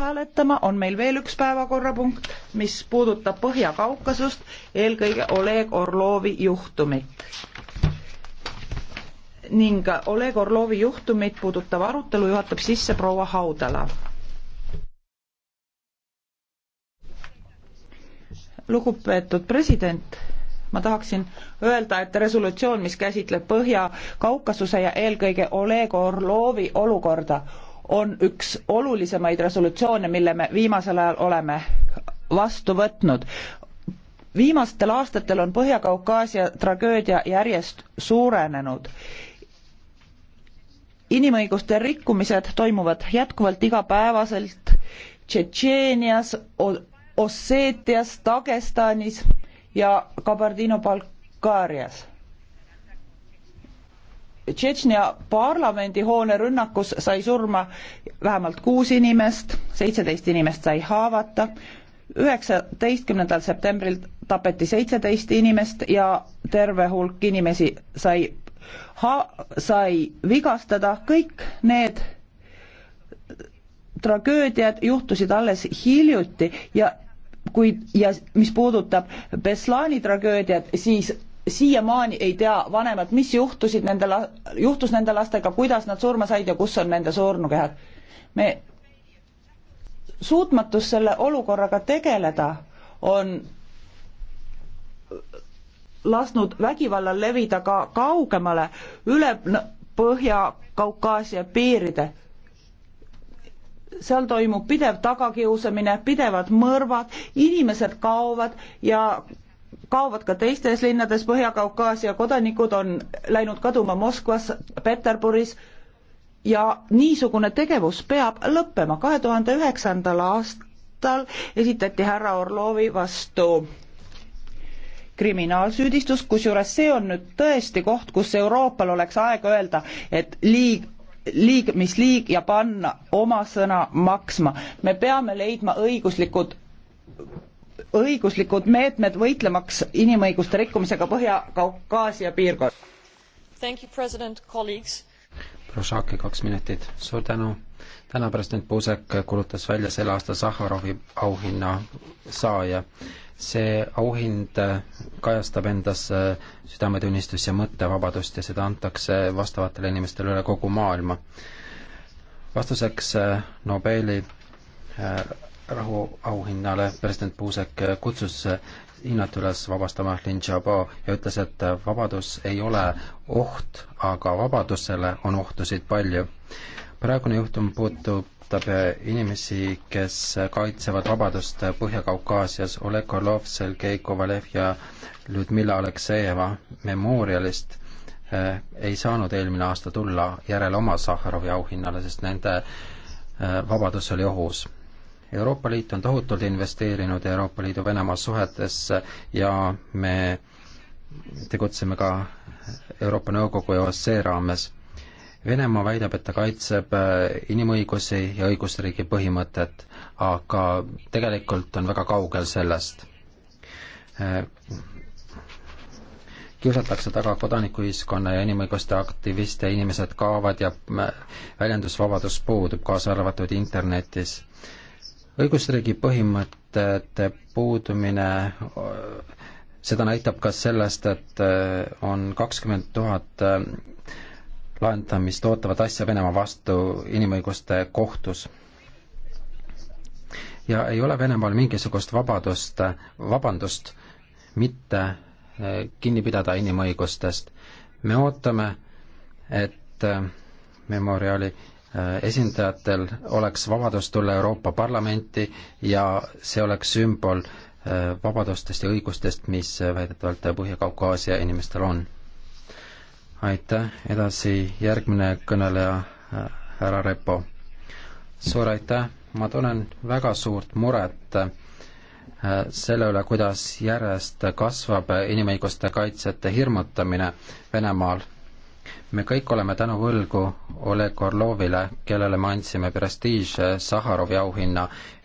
hääletama, on meil veel üks päevakorrapunkt, mis puudutab Põhja-Kaukasust, eelkõige Oleg Orlovi juhtumit. ning Oleg Orlovi juhtumit puudutav arutelu juhatab sisse proua Haudala. lugupeetud president ma tahaksin öelda, et resolutsioon, mis käsitleb Põhja-Kaukasuse ja eelkõige Oleg Orlovi olukorda, on üks olulisemaid resolutsioone, mille me viimasel ajal oleme vastu võtnud. viimastel aastatel on Põhja-Kaukaasia tragöödia järjest suurenenud. inimõiguste rikkumised toimuvad jätkuvalt igapäevaselt Tšetšeenias, Osseetias, Dagestanis ja Kabardino-Balkaarias Tšetšnia parlamendihoone rünnakus sai surma vähemalt kuus inimest, seitseteist inimest sai haavata, üheksateistkümnendal septembril tapeti seitseteist inimest ja terve hulk inimesi sai ha-, sai vigastada, kõik need tragöödiad juhtusid alles hiljuti ja kuid, ja mis puudutab Beslani tragöödiat, siis siiamaani ei tea vanemad, mis juhtusid nende, juhtus nende lastega, kuidas nad surma said ja kus on nende surnukehad. me suutmatus selle olukorraga tegeleda on lasknud vägivallal levida ka kaugemale üle Põhja-Kaukaasia piiride. seal toimub pidev tagakiusamine, pidevad mõrvad, inimesed kaovad ja kaovad ka teistes linnades, Põhja-Kaukaasia kodanikud on läinud kaduma Moskvas, Peterburis ja niisugune tegevus peab lõppema. kahe tuhande üheksandal aastal esitati härra Orlovi vastu kriminaalsüüdistus, kusjuures see on nüüd tõesti koht, kus Euroopal oleks aeg öelda, et liig, liig, mis liig ja panna oma sõna maksma. me peame leidma õiguslikud õiguslikud meetmed võitlemaks inimõiguste rikkumisega Põhja-Kaukaasia piirkonnas. Prošaki kaks minutit, suur tänu. täna president Puusek kuulutas välja selle aasta Sahharovi auhinna saaja. see auhind kajastab endas südametunnistust ja mõttevabadust ja seda antakse vastavatele inimestele üle kogu maailma. vastuseks Nobeli rahuauhinnale president Puusek kutsus hinnalt üles vabastama Lin Xiaobo ja ütles, et vabadus ei ole oht, aga vabadusele on ohtusid palju. praegune juhtum puudutab inimesi, kes kaitsevad vabadust Põhja-Kaukaasias, Oleg Orlov, Sergei Kovalev ja Ludmilla Aleksejeva memorialist eh, ei saanud eelmine aasta tulla järele oma Sahharovi auhinnale, sest nende eh, vabadus oli ohus Euroopa Liit on tohutult investeerinud Euroopa Liidu Venemaa suhetesse ja me tegutseme ka Euroopa Nõukogu ja OSCE raames. Venemaa väidab, et ta kaitseb äh, inimõigusi ja õigusriigi põhimõtet, aga tegelikult on väga kaugel sellest äh, kiusatakse taga kodanikuühiskonna ja inimõiguste aktiviste, inimesed kaovad ja äh, väljendusvabadus puudub, kaasa arvatud internetis õigusriigi põhimõtete puudumine, seda näitab ka sellest, et äh, on kakskümmend tuhat äh, lahendamist ootavat asja Venemaa vastu inimõiguste kohtus. ja ei ole Venemaal mingisugust vabadust, vabandust, mitte äh, kinni pidada inimõigustest. me ootame, et Memoriali Äh, esindajatel oleks vabadus tulla Euroopa Parlamenti ja see oleks sümbol äh, vabadustest ja õigustest, mis äh, väidetavalt Põhja-Kaukaasia inimestel on. aitäh, edasi järgmine kõneleja, härra Repo. suur aitäh, ma tunnen väga suurt muret selle üle, kuidas järjest kasvab inimõiguste kaitsjate hirmutamine Venemaal me kõik oleme tänu võlgu Oleg Orlovile, kellele me andsime prestiižse eh, Saharovi auhinna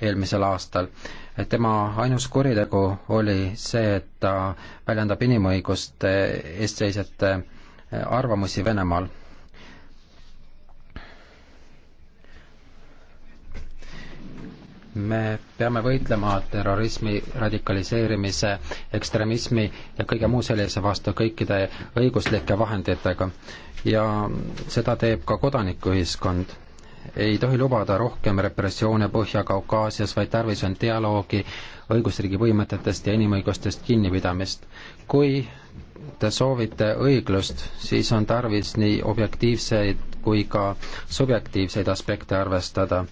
eelmisel aastal. tema ainus kuritegu oli see, et ta väljendab inimõiguste eest seisjate eh, arvamusi Venemaal me peame võitlema terrorismi, radikaliseerimise, ekstremismi ja kõige muu sellise vastu kõikide õiguslike vahenditega. ja seda teeb ka kodanikuühiskond. ei tohi lubada rohkem repressioone Põhja-Kaukaasias, vaid tarvis on dialoogi, õigusriigi põhimõtetest ja inimõigustest kinnipidamist kui te soovite õiglust, siis on tarvis nii objektiivseid kui ka subjektiivseid aspekte arvestada.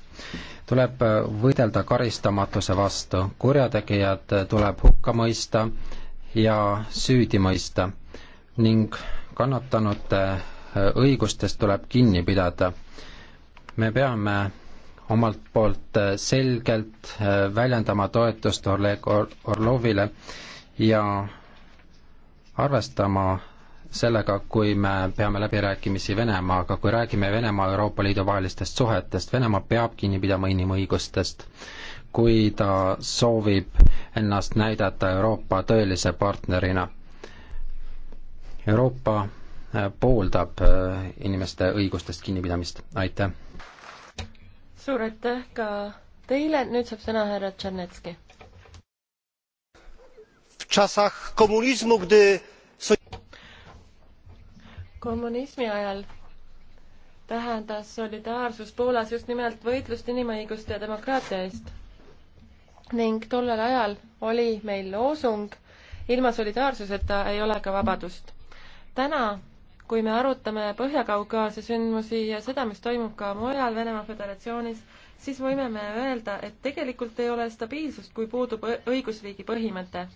tuleb võidelda karistamatuse vastu, kurjategijad tuleb hukka mõista ja süüdi mõista ning kannatanute õigustest tuleb kinni pidada. me peame omalt poolt selgelt väljendama toetust Oleg Orlovile ja arvestama sellega, kui me peame läbirääkimisi Venemaaga, kui räägime Venemaa ja Euroopa Liidu vahelistest suhetest, Venemaa peab kinni pidama inimõigustest. kui ta soovib ennast näidata Euroopa tõelise partnerina. Euroopa äh, pooldab äh, inimeste õigustest kinnipidamist, aitäh! suur aitäh ka teile, nüüd saab sõna härra Tšernetski czasach komunizmu gdy kommunismi ajal tähendas solidaarsus Poolas just nimelt võitlust inimõiguste ja demokraatia eest. ning tollel ajal oli meil loosung ilma solidaarsuseta ei ole ka vabadust. täna, kui me arutame Põhja-Kaukaasia sündmusi ja seda, mis toimub ka mujal Venemaa Föderatsioonis, siis võime me öelda, et tegelikult ei ole stabiilsust, kui puudub õigusriigi põhimõte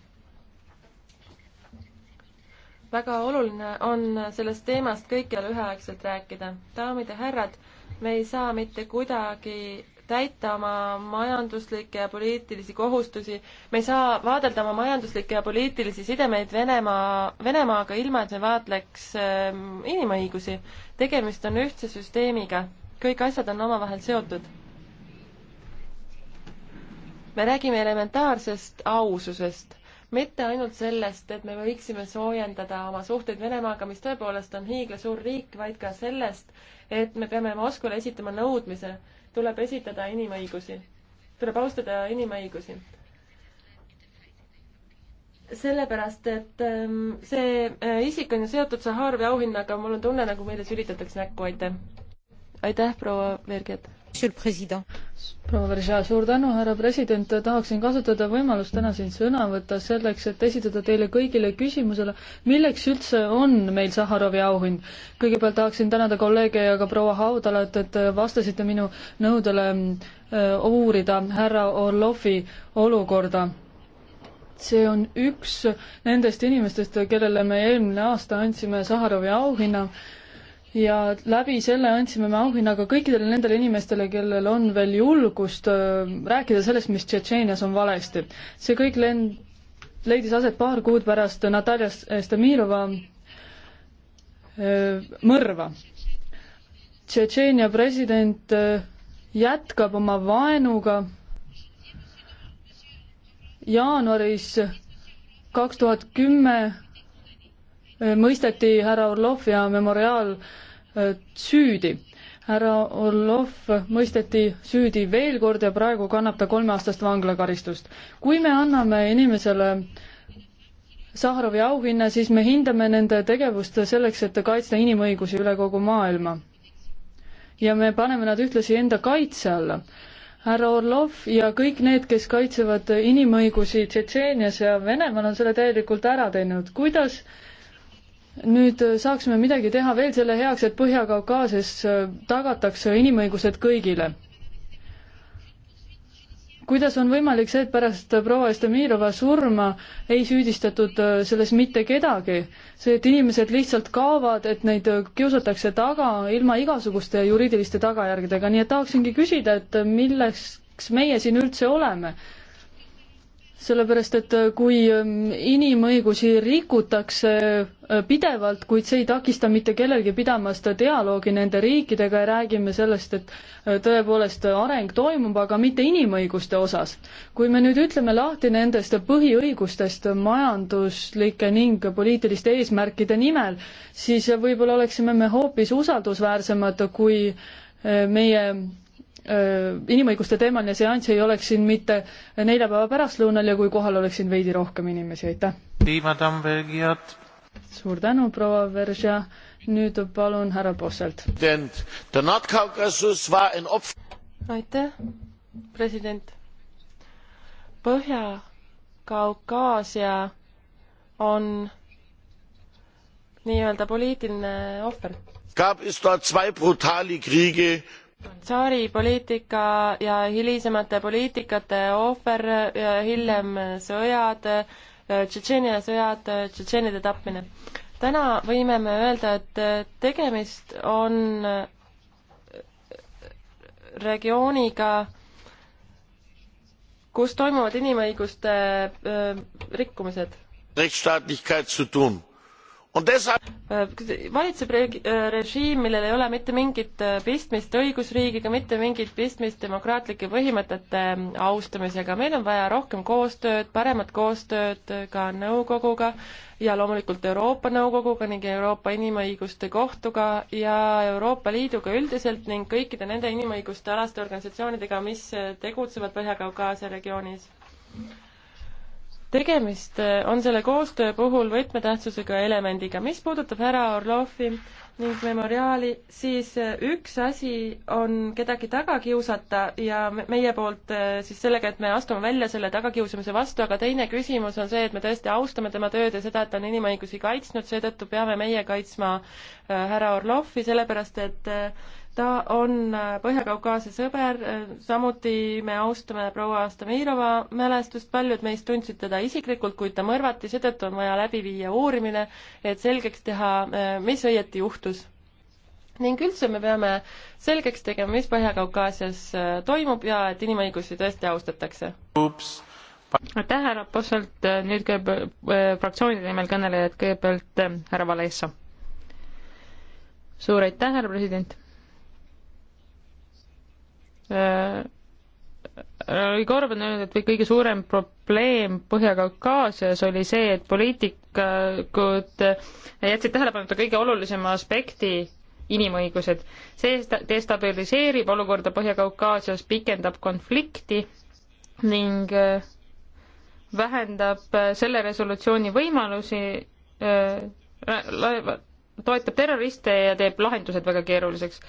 väga oluline on sellest teemast kõikjal üheaegselt rääkida. daamid ja härrad, me ei saa mitte kuidagi täita oma majanduslikke ja poliitilisi kohustusi, me ei saa vaadelda oma majanduslikke ja poliitilisi sidemeid Venemaa, Venemaaga ilma, et me vaatleks ähm, inimõigusi. tegemist on ühtse süsteemiga, kõik asjad on omavahel seotud. me räägime elementaarsest aususest mitte ainult sellest, et me võiksime soojendada oma suhteid Venemaaga, mis tõepoolest on hiiglasuur riik, vaid ka sellest, et me peame Moskvale esitama nõudmise, tuleb esitada inimõigusi, tuleb austada inimõigusi. sellepärast, et ähm, see äh, isik on ju seotud Saharovi auhinnaga, mul on tunne, nagu meile sülitatakse näkku, aitäh. aitäh, proua Verget proua Veržea, suur tänu, härra president, tahaksin kasutada võimalust täna siin sõna võtta selleks, et esitada teile kõigile küsimusele, milleks üldse on meil Saharovi auhind. kõigepealt tahaksin tänada kolleege ja ka proua Haudalat, et vastasite minu nõudele äh, uurida härra Orlovi olukorda see on üks nendest inimestest, kellele me eelmine aasta andsime Saharovi auhinna ja läbi selle andsime me auhinna ka kõikidele nendele inimestele, kellel on veel julgust äh, rääkida sellest, mis Tšetšeenias on valesti. see kõik lend-, leidis aset paar kuud pärast Natalja Stamilova äh, mõrva. Tšetšeenia president äh, jätkab oma vaenuga. jaanuaris kaks tuhat kümme mõisteti härra Orlov ja memoriaal süüdi. härra Orlov mõisteti süüdi veel kord ja praegu kannab ta kolmeaastast vanglakaristust. kui me anname inimesele Saharovi auhinna, siis me hindame nende tegevust selleks, et kaitsta inimõigusi üle kogu maailma. ja me paneme nad ühtlasi enda kaitse alla härra Orlov ja kõik need, kes kaitsevad inimõigusi Tšetšeenias ja Venemaal, on selle täielikult ära teinud. kuidas nüüd äh, saaksime midagi teha veel selle heaks, et Põhja-Kaukaasias äh, tagatakse inimõigused kõigile. kuidas on võimalik see, et pärast proua Estemirova surma ei süüdistatud äh, selles mitte kedagi? see, et inimesed lihtsalt kaovad, et neid kiusatakse taga ilma igasuguste juriidiliste tagajärgedega, nii et tahaksingi küsida, et milleks meie siin üldse oleme sellepärast, et äh, kui ähm, inimõigusi rikutakse äh, pidevalt, kuid see ei takista mitte kellelgi pidamast dialoogi nende riikidega ja räägime sellest, et äh, tõepoolest areng toimub, aga mitte inimõiguste osas. kui me nüüd ütleme lahti nendest põhiõigustest majanduslike ning poliitiliste eesmärkide nimel, siis võib-olla oleksime me hoopis usaldusväärsemad, kui meie Äh, inimõiguste teemaline seanss ei oleks siin mitte neljapäeva pärastlõunal ja kui kohal oleks siin veidi rohkem inimesi, aitäh! suur tänu, proua Veržja, nüüd palun härra Posselt. aitäh, president. Põhja-Kaukaasia on nii-öelda poliitiline ohver. gab es dort zwei brutale kriege tsaaripoliitika ja hilisemate poliitikate ohver, hiljem sõjad, Tšetšeenia sõjad, tšetšeenide tapmine. täna võime me öelda, et tegemist on regiooniga, kus toimuvad inimõiguste äh, rikkumised. Rechtsstaatlichkeit zu tun Äh, valitseb äh, režiim, millel ei ole mitte mingit äh, pistmist õigusriigiga, mitte mingit pistmist demokraatlike põhimõtete ähm, austamisega. meil on vaja rohkem koostööd, paremat koostööd ka nõukoguga ja loomulikult Euroopa Nõukoguga ning Euroopa Inimõiguste Kohtuga ja Euroopa Liiduga üldiselt ning kõikide nende inimõiguste alaste organisatsioonidega, mis tegutsevad Põhja-Kaukaasia regioonis tegemist äh, on selle koostöö puhul võtmetähtsusega elemendiga. mis puudutab härra Orlovi ning memoriaali, siis äh, üks asi on kedagi taga kiusata ja meie poolt äh, siis sellega, et me astume välja selle tagakiusamise vastu, aga teine küsimus on see, et me tõesti austame tema tööd ja seda, et ta on inimõigusi kaitsnud, seetõttu peame meie kaitsma härra Orlovi, sellepärast et ta on äh, Põhja-Kaukaasia sõber, äh, samuti me austame proua Stamirova mälestust, paljud meist tundsid teda isiklikult, kuid ta mõrvati, seetõttu on vaja läbi viia uurimine, et selgeks teha, äh, mis õieti juhtus. ning üldse me peame selgeks tegema, mis Põhja-Kaukaasias toimub ja et inimõigusi tõesti austatakse. aitäh, härra Posselt, nüüd käib äh, fraktsioonide nimel kõnelejad, kõigepealt härra äh, Valesa. suur aitäh, härra president oli äh, äh, Korban öelnud, et kõige suurem probleem Põhja-Kaukaasias oli see, et poliitikud äh, jätsid tähelepanuta kõige olulisema aspekti, inimõigused. see destabiliseerib olukorda Põhja-Kaukaasias, pikendab konflikti ning vähendab selle resolutsiooni võimalusi, toetab terroriste ja teeb lahendused väga keeruliseks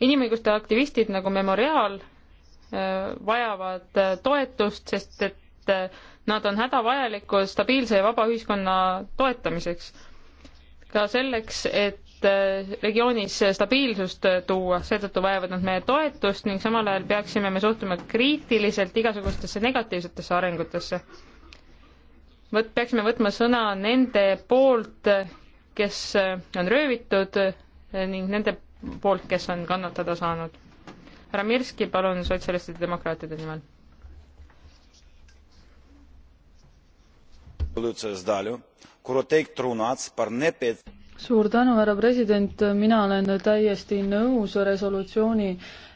inimõiguste aktivistid nagu Memorial äh, vajavad äh, toetust, sest et äh, nad on hädavajalikud stabiilse ja vaba ühiskonna toetamiseks. ka selleks, et regioonis stabiilsust tuua, seetõttu vajavad nad meie toetust ning samal ajal peaksime me suhtuma kriitiliselt igasugustesse negatiivsetesse arengutesse. Võt-, peaksime võtma sõna nende poolt, kes on röövitud ning nende poolt, kes on kannatada saanud. härra Mirski, palun sotsialistide demokraatide nimel. suur tänu, härra president, mina olen täiesti nõus resolutsiooni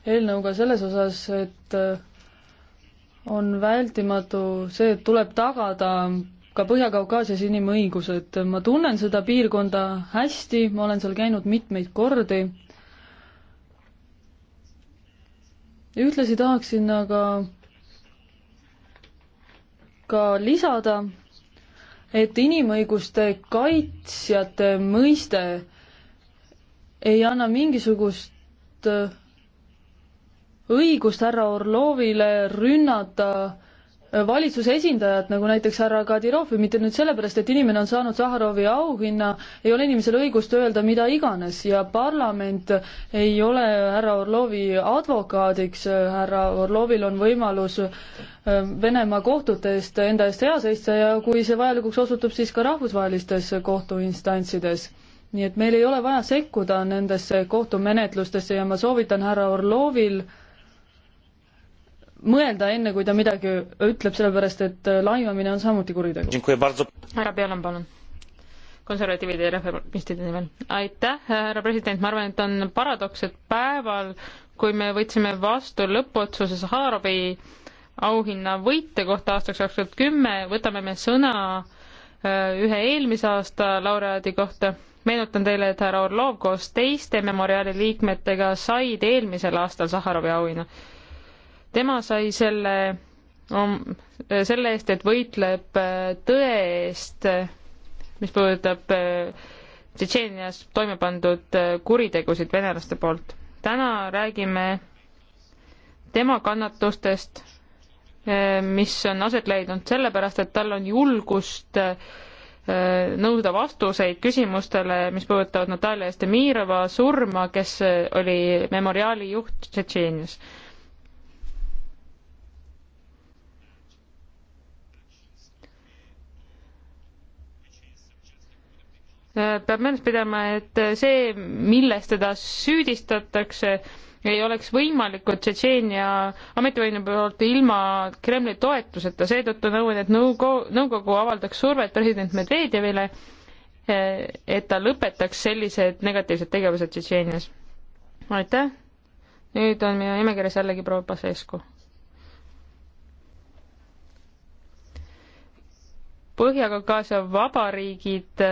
eelnõuga selles osas, et äh, on vältimatu see, et tuleb tagada ka Põhja-Kaukaasias inimõigused. ma tunnen seda piirkonda hästi, ma olen seal käinud mitmeid kordi ühtlasi tahaksin aga ka lisada, et inimõiguste kaitsjate mõiste ei anna mingisugust õigust härra Orlovile rünnata valitsuse esindajad, nagu näiteks härra Kadirov või mitte nüüd sellepärast, et inimene on saanud Saharovi auhinna, ei ole inimesel õigust öelda mida iganes ja parlament ei ole härra Orlovi advokaadiks, härra Orlovil on võimalus ähm, Venemaa kohtute eest enda eest hea seista ja kui see vajalikuks osutub, siis ka rahvusvahelistes kohtuinstantsides nii et meil ei ole vaja sekkuda nendesse kohtumenetlustesse ja ma soovitan härra Orlovil äh, mõelda, enne kui ta midagi ütleb, sellepärast et äh, laimamine on samuti kuritegu. härra Pealan, palun konservatiivide ja reformistide nimel. aitäh, härra president, ma arvan, et on paradoks, et päeval, kui me võtsime vastu lõppotsuse Saharovi auhinna võite kohta aastaks kaks tuhat kümme, võtame me sõna äh, ühe eelmise aasta laureaadi kohta. meenutan teile, et härra Orlov koos teiste memoriaali liikmetega said eelmisel aastal Saharovi auhinna tema sai selle, selle eest, et võitleb äh, tõe eest, mis puudutab äh, Tšetšeenias toime pandud äh, kuritegusid venelaste poolt. täna räägime tema kannatustest, mis on aset leidnud sellepärast, et tal on julgust nõuda vastuseid küsimustele, mis puudutavad Natalja Estemirova surma, kes oli memoriaali juht Tšetšeenias Äh, peab meeles pidama, et äh, see, milles teda süüdistatakse, ei oleks võimalikud Tšetšeenia ametivõimu poolt ilma Kremli toetuseta, seetõttu nõuan, et nõukogu, nõukogu avaldaks survet president Medvedjevile, äh, et ta lõpetaks sellised negatiivsed tegevused Tšetšeenias. aitäh, nüüd on minu nimekirjas jällegi proua Pasescu. Põhja-Kaukaasia vabariigid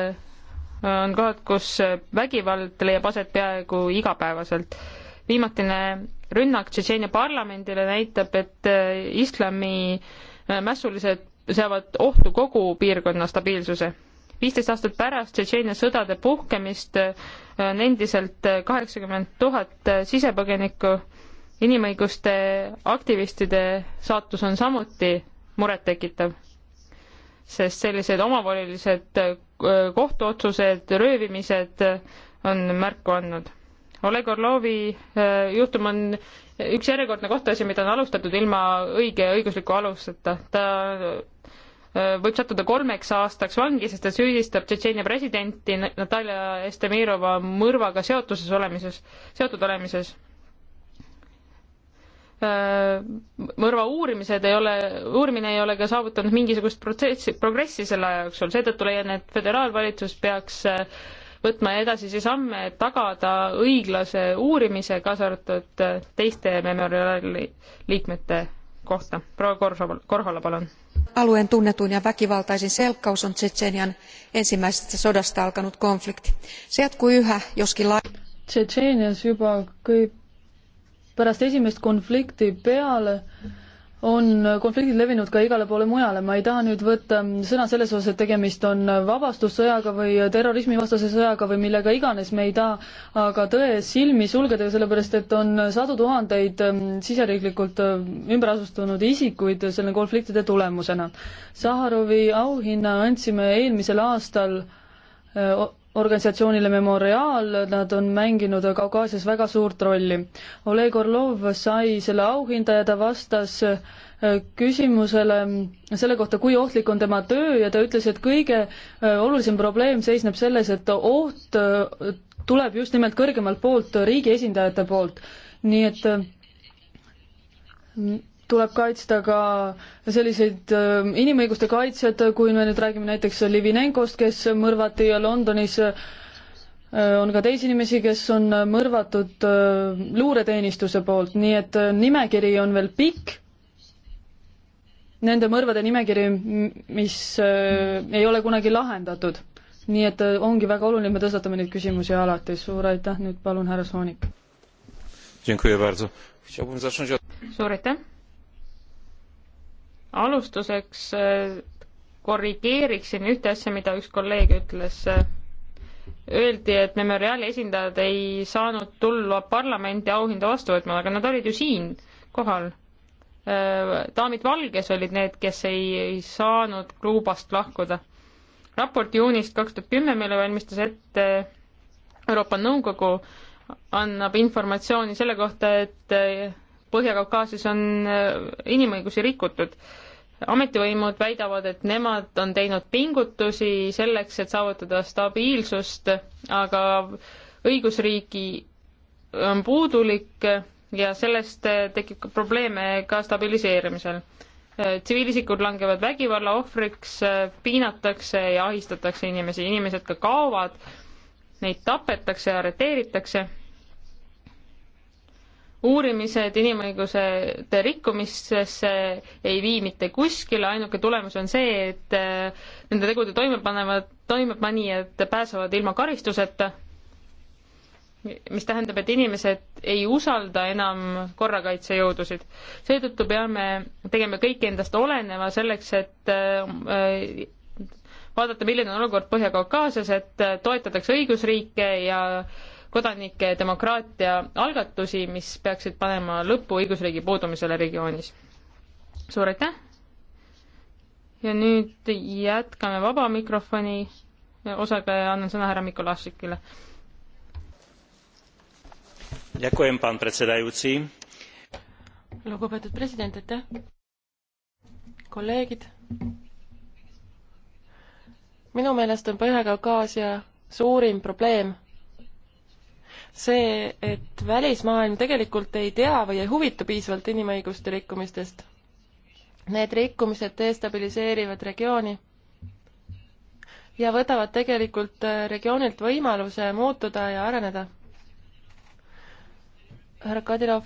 on kohad, kus vägivald leiab aset peaaegu igapäevaselt. viimatine rünnak Tšetšeenia parlamendile näitab, et äh, islami äh, mässulised seavad ohtu kogu piirkonna stabiilsuse. viisteist aastat pärast Tšetšeenia sõdade puhkemist äh, on endiselt kaheksakümmend tuhat sisepõgenikku, inimõiguste aktivistide saatus on samuti murettekitav sest sellised omavolilised äh, kohtuotsused, röövimised äh, on märku andnud. Oleg Orlovi äh, juhtum on üks järjekordne kohtuasi, mida on alustatud ilma õige õigusliku aluseta. ta võib sattuda kolmeks aastaks vangi, sest ta süüdistab Tšetšeenia presidenti Natalja Estemirova mõrvaga seotuses olemises, seotud olemises. Äh, mõrva uurimised ei ole, uurimine ei ole ka saavutanud mingisugust protsessi, progressi selle aja jooksul, seetõttu leian, et föderaalvalitsus peaks äh, võtma edasisi samme, et tagada õiglase uurimise, kaasa arvatud äh, teiste memoriaali liikmete kohta. proua Korhola, Korhola, palun. alueen tunnetuin ja väkivaltaisin selkkaus on Tsetšenian ensimmäisestä sodasta alkanut konflikti. se jatkuu yhä, joskin la-. Tsetšeenias juba kõik pärast esimest konflikti peale on konfliktid levinud ka igale poole mujale, ma ei taha nüüd võtta sõna selles osas, et tegemist on vabastussõjaga või terrorismivastase sõjaga või millega iganes, me ei taha aga tõe silmi sulgeda, sellepärast et on sadu tuhandeid ähm, siseriiklikult äh, ümber asustunud isikuid selle konfliktide tulemusena. Saharovi auhinna andsime eelmisel aastal äh, organisatsioonile Memoriaal, nad on mänginud Kaukaasias väga suurt rolli. Oleg Orlov sai selle auhinda ja ta vastas äh, küsimusele selle kohta, kui ohtlik on tema töö ja ta ütles, et kõige äh, olulisem probleem seisneb selles, et oht äh, tuleb just nimelt kõrgemalt poolt, riigi esindajate poolt. nii et tuleb kaitsta ka selliseid ähm, inimõiguste kaitsjaid, kui me nüüd räägime näiteks Livinenkost, kes mõrvati ja Londonis äh, on ka teisi inimesi, kes on mõrvatud äh, luureteenistuse poolt, nii et äh, nimekiri on veel pikk. Nende mõrvade nimekiri, mis ei ole kunagi lahendatud. nii et ongi väga oluline, me tõstatame neid küsimusi alati. suur aitäh, nüüd palun härra Soonik. suur aitäh alustuseks äh, korrigeeriksin ühte asja, mida üks kolleeg ütles. Öeldi, et Memoriali esindajad ei saanud tulla parlamendi auhinda vastu võtma, aga nad olid ju siin kohal. Äh, daamid Valges olid need, kes ei, ei saanud Kuubast lahkuda. raport juunist kaks tuhat kümme, mille valmistas ette Euroopa Nõukogu, annab informatsiooni selle kohta, et äh, Põhja-Kaukaasias on äh, inimõigusi rikutud. ametivõimud väidavad, et nemad on teinud pingutusi selleks, et saavutada stabiilsust, aga õigusriigi on puudulik ja sellest äh, tekib ka probleeme ka stabiliseerimisel. Äh, tsiviilisikud langevad vägivalla ohvriks, piinatakse ja ahistatakse inimesi, inimesed ka kaovad, neid tapetakse ja arreteeritakse uurimised inimõiguste rikkumistesse ei vii mitte kuskile, ainuke tulemus on see, et äh, nende tegude toimepanevad, toimepanijad pääsevad ilma karistuseta, mis tähendab, et inimesed ei usalda enam korrakaitsejõudusid. seetõttu peame tegema kõik endast oleneva selleks, et äh, vaadata, milline on olukord Põhja-Kaukaasias, et äh, toetatakse õigusriike ja äh, kodanike demokraatia algatusi, mis peaksid panema lõpu õigusriigi puudumisele regioonis. suur aitäh! ja nüüd jätkame vaba mikrofoni osaga ja annan sõna härra Mikolašikile. lugupeetud president, aitäh! kolleegid! minu meelest on Põhja-Kaukaasia suurim probleem see, et välismaailm tegelikult ei tea või ei huvitu piisavalt inimõiguste rikkumistest. Need rikkumised destabiliseerivad regiooni ja võtavad tegelikult äh, regioonilt võimaluse muutuda ja areneda. härra Kadirov,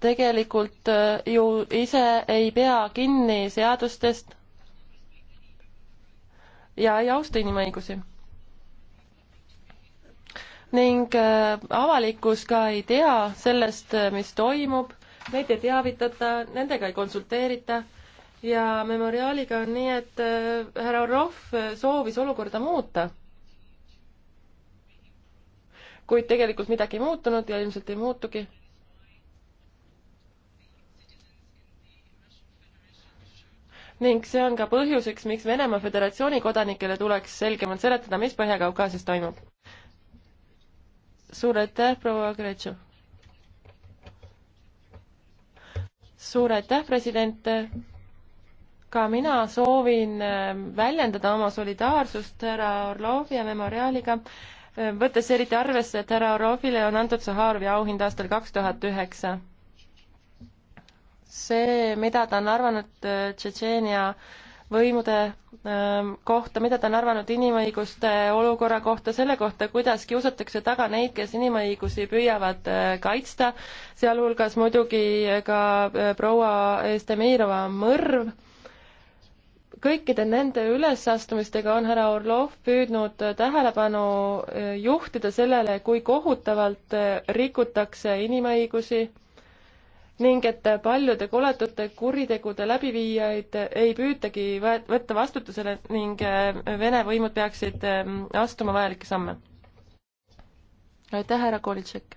tegelikult äh, ju ise ei pea kinni seadustest ja ei austa inimõigusi ning äh, avalikkus ka ei tea sellest, äh, mis toimub, neid ei teavitata, nendega ei konsulteerita ja memoriaaliga on nii, et äh, härra Orlov soovis olukorda muuta. kuid tegelikult midagi ei muutunud ja ilmselt ei muutugi ning see on ka põhjuseks, miks Venemaa Föderatsiooni kodanikele tuleks selgemalt seletada, mis Põhja-Kaukaasias toimub suur aitäh, proua Gretšo! suur aitäh, president! ka mina soovin ähm, väljendada oma solidaarsust härra Orlovi ja Memoriaaliga, ähm, võttes eriti arvesse, et härra Orlovile on antud Saharovi auhind aastal kaks tuhat üheksa. see, mida ta on arvanud äh, Tšetšeenia võimude ähm, kohta, mida ta on arvanud inimõiguste olukorra kohta, selle kohta, kuidas kiusatakse taga neid, kes inimõigusi püüavad äh, kaitsta, sealhulgas muidugi ka äh, proua Estemirova mõrv. kõikide nende ülesastumistega on härra Orlov püüdnud äh, tähelepanu juhtida sellele, kui kohutavalt rikutakse inimõigusi ning et paljude koletute kuritegude läbiviijaid ei püütagi võtta vastutusele ning äh, Vene võimud peaksid ähm, astuma vajalikke samme. aitäh, härra Kolitšek!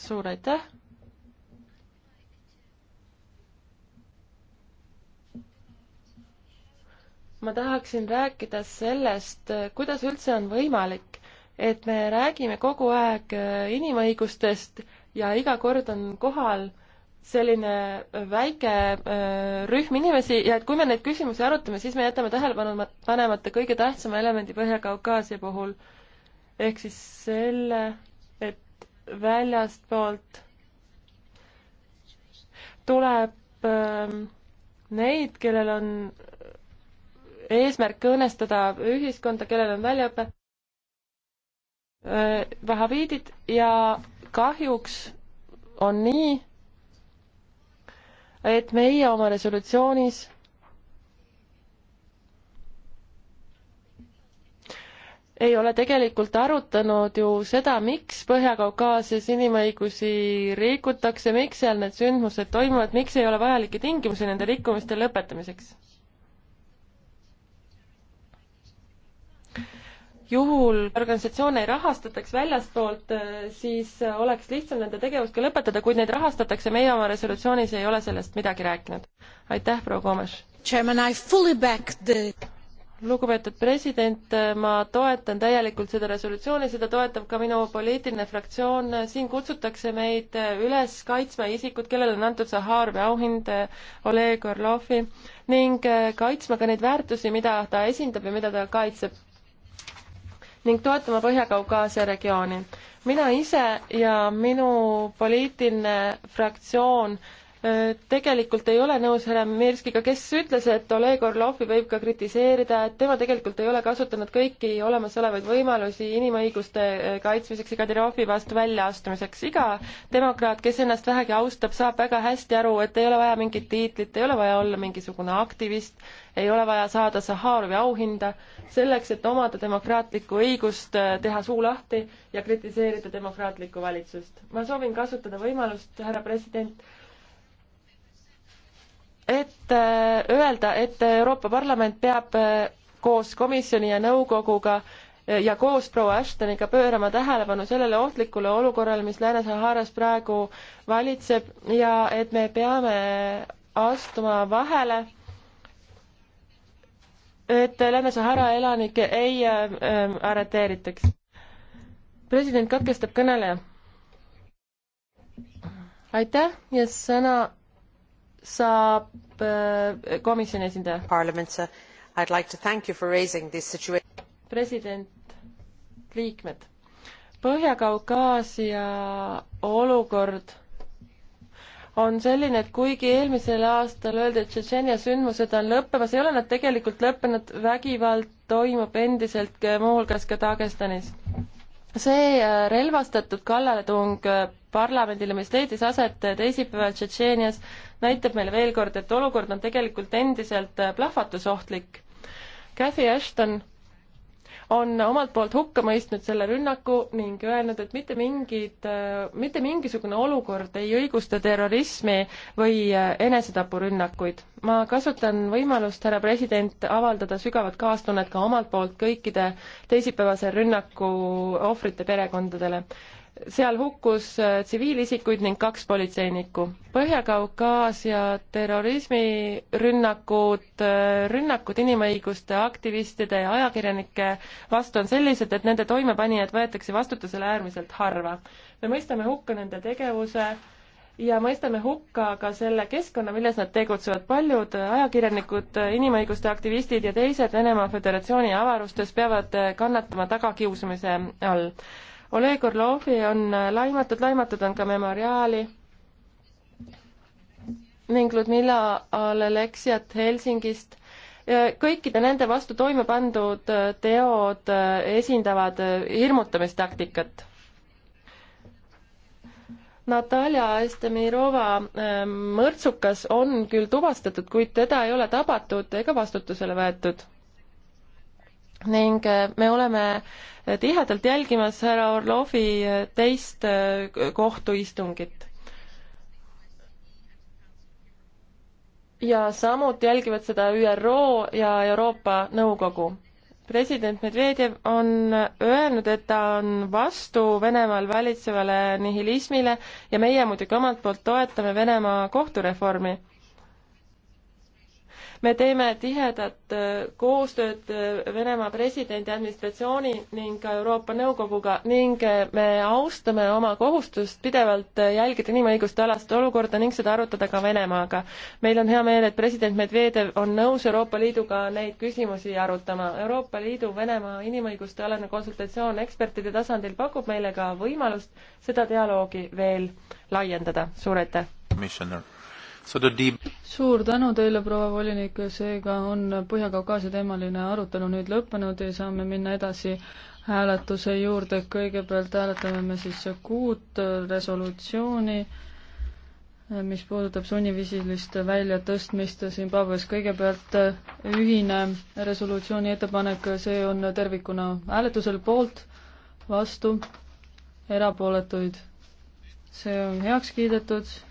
suur aitäh! ma tahaksin rääkida sellest, kuidas üldse on võimalik, et me räägime kogu aeg äh, inimõigustest ja iga kord on kohal selline väike äh, rühm inimesi ja et kui me neid küsimusi arutame, siis me jätame tähelepanu panemata kõige tähtsama elemendi Põhja-Kaukaasia puhul. ehk siis selle, et väljastpoolt tuleb ähm, neid, kellel on eesmärk õõnestada ühiskonda, kellel on väljaõpe Äh, vahaviidid ja kahjuks on nii, et meie oma resolutsioonis ei ole tegelikult arutanud ju seda, miks Põhja-Kaukaasias inimõigusi rikutakse, miks seal need sündmused toimuvad, miks ei ole vajalikke tingimusi nende rikkumiste lõpetamiseks. juhul organisatsioone ei rahastataks väljastpoolt, äh, siis äh, oleks lihtsam nende tegevust ka lõpetada, kuid neid rahastatakse, meie oma resolutsioonis ei ole sellest midagi rääkinud. aitäh, proua Koomes! lugupeetud president, äh, ma toetan täielikult seda resolutsiooni, seda toetab ka minu poliitiline fraktsioon. siin kutsutakse meid üles kaitsma isikut, kellele on antud Sahharovi auhind, Oleg Orlovi, ning kaitsma ka neid väärtusi, mida ta esindab ja mida ta kaitseb ning toetama Põhja-Kaukaasia regiooni. mina ise ja minu poliitiline fraktsioon Äh, tegelikult ei ole nõus härra Mirskiga, kes ütles, et Oleg Orlovi võib ka kritiseerida, et tema tegelikult ei ole kasutanud kõiki olemasolevaid võimalusi inimõiguste äh, kaitsmiseks ja Kadirovi vastu väljaastumiseks. iga demokraat, kes ennast vähegi austab, saab väga hästi aru, et ei ole vaja mingit tiitlit, ei ole vaja olla mingisugune aktivist, ei ole vaja saada Saharovi auhinda selleks, et omada demokraatlikku õigust äh, teha suu lahti ja kritiseerida demokraatlikku valitsust. ma soovin kasutada võimalust, härra president, et äh, öelda, et Euroopa Parlament peab äh, koos komisjoni ja nõukoguga äh, ja koos proua Ashtoniga pöörama tähelepanu sellele ohtlikule olukorrale, mis Lääne-Saharas praegu valitseb ja et me peame astuma vahele, et Lääne-Sahara elanikke ei äh, arreteeritaks. president katkestab kõneleja. aitäh ja sõna saab äh, komisjoni esindaja. Parliament, I would like to thank you for raising this situation. president, liikmed. Põhja-Kaukaasia olukord on selline, et kuigi eelmisel aastal öeldi, et Tšetšeenia sündmused on lõppemas, ei ole nad tegelikult lõppenud, vägivald toimub endiselt muuhulgas ka Dagestanis. see äh, relvastatud kallaletung äh, parlamendile, mis leidis aset teisipäeval Tšetšeenias, näitab meile veel kord, et olukord on tegelikult endiselt äh, plahvatusohtlik. Cathy Ashton on omalt poolt hukka mõistnud selle rünnaku ning öelnud, et mitte mingid, äh, mitte mingisugune olukord ei õigusta terrorismi või äh, enesetapurünnakuid. ma kasutan võimalust, härra president, avaldada sügavat kaastunnet ka omalt poolt kõikide teisipäevase rünnaku ohvrite perekondadele seal hukkus äh, tsiviilisikuid ning kaks politseinikku. Põhja-Kaukaasia terrorismirünnakud, äh, rünnakud inimõiguste aktivistide ja ajakirjanike vastu on sellised, et nende toimepanijad võetakse vastutusele äärmiselt harva. me mõistame hukka nende tegevuse ja mõistame hukka ka selle keskkonna, milles nad tegutsevad. paljud ajakirjanikud, inimõiguste aktivistid ja teised Venemaa Föderatsiooni avarustes peavad kannatama tagakiusamise all Oleg Orlovi on äh, laimatud, laimatud on ka memoriaali ning Ludmilla Aleksiat Helsingist. kõikide nende vastu toime pandud äh, teod äh, esindavad hirmutamistaktikat. Natalja Estemirova ähm, mõrtsukas on küll tuvastatud, kuid teda ei ole tabatud ega vastutusele võetud ning äh, me oleme tihedalt jälgimas härra Orlovi äh, teist äh, kohtuistungit. ja samuti jälgivad seda ÜRO ja Euroopa Nõukogu. president Medvedjev on öelnud, et ta on vastu Venemaal valitsevale nihilismile ja meie muidugi omalt poolt toetame Venemaa kohtureformi me teeme tihedat äh, koostööd äh, Venemaa presidendi administratsiooni ning ka Euroopa Nõukoguga ning äh, me austame oma kohustust pidevalt jälgida inimõiguste alast olukorda ning seda arutada ka Venemaaga. meil on hea meel, et president Medvedev on nõus Euroopa Liiduga neid küsimusi arutama. Euroopa Liidu Venemaa inimõiguste alane konsultatsioon ekspertide tasandil pakub meile ka võimalust seda dialoogi veel laiendada. suur aitäh! Commissioner suur tänu teile, proua volinik, seega on Põhja-Kaukaasia teemaline arutelu nüüd lõppenud ja saame minna edasi hääletuse juurde. kõigepealt hääletame me siis kuut resolutsiooni, mis puudutab sunniviisilist väljatõstmist Zimbabwe's. kõigepealt ühine resolutsiooni ettepanek, see on tervikuna hääletusel poolt, vastu, erapooletuid. see on heaks kiidetud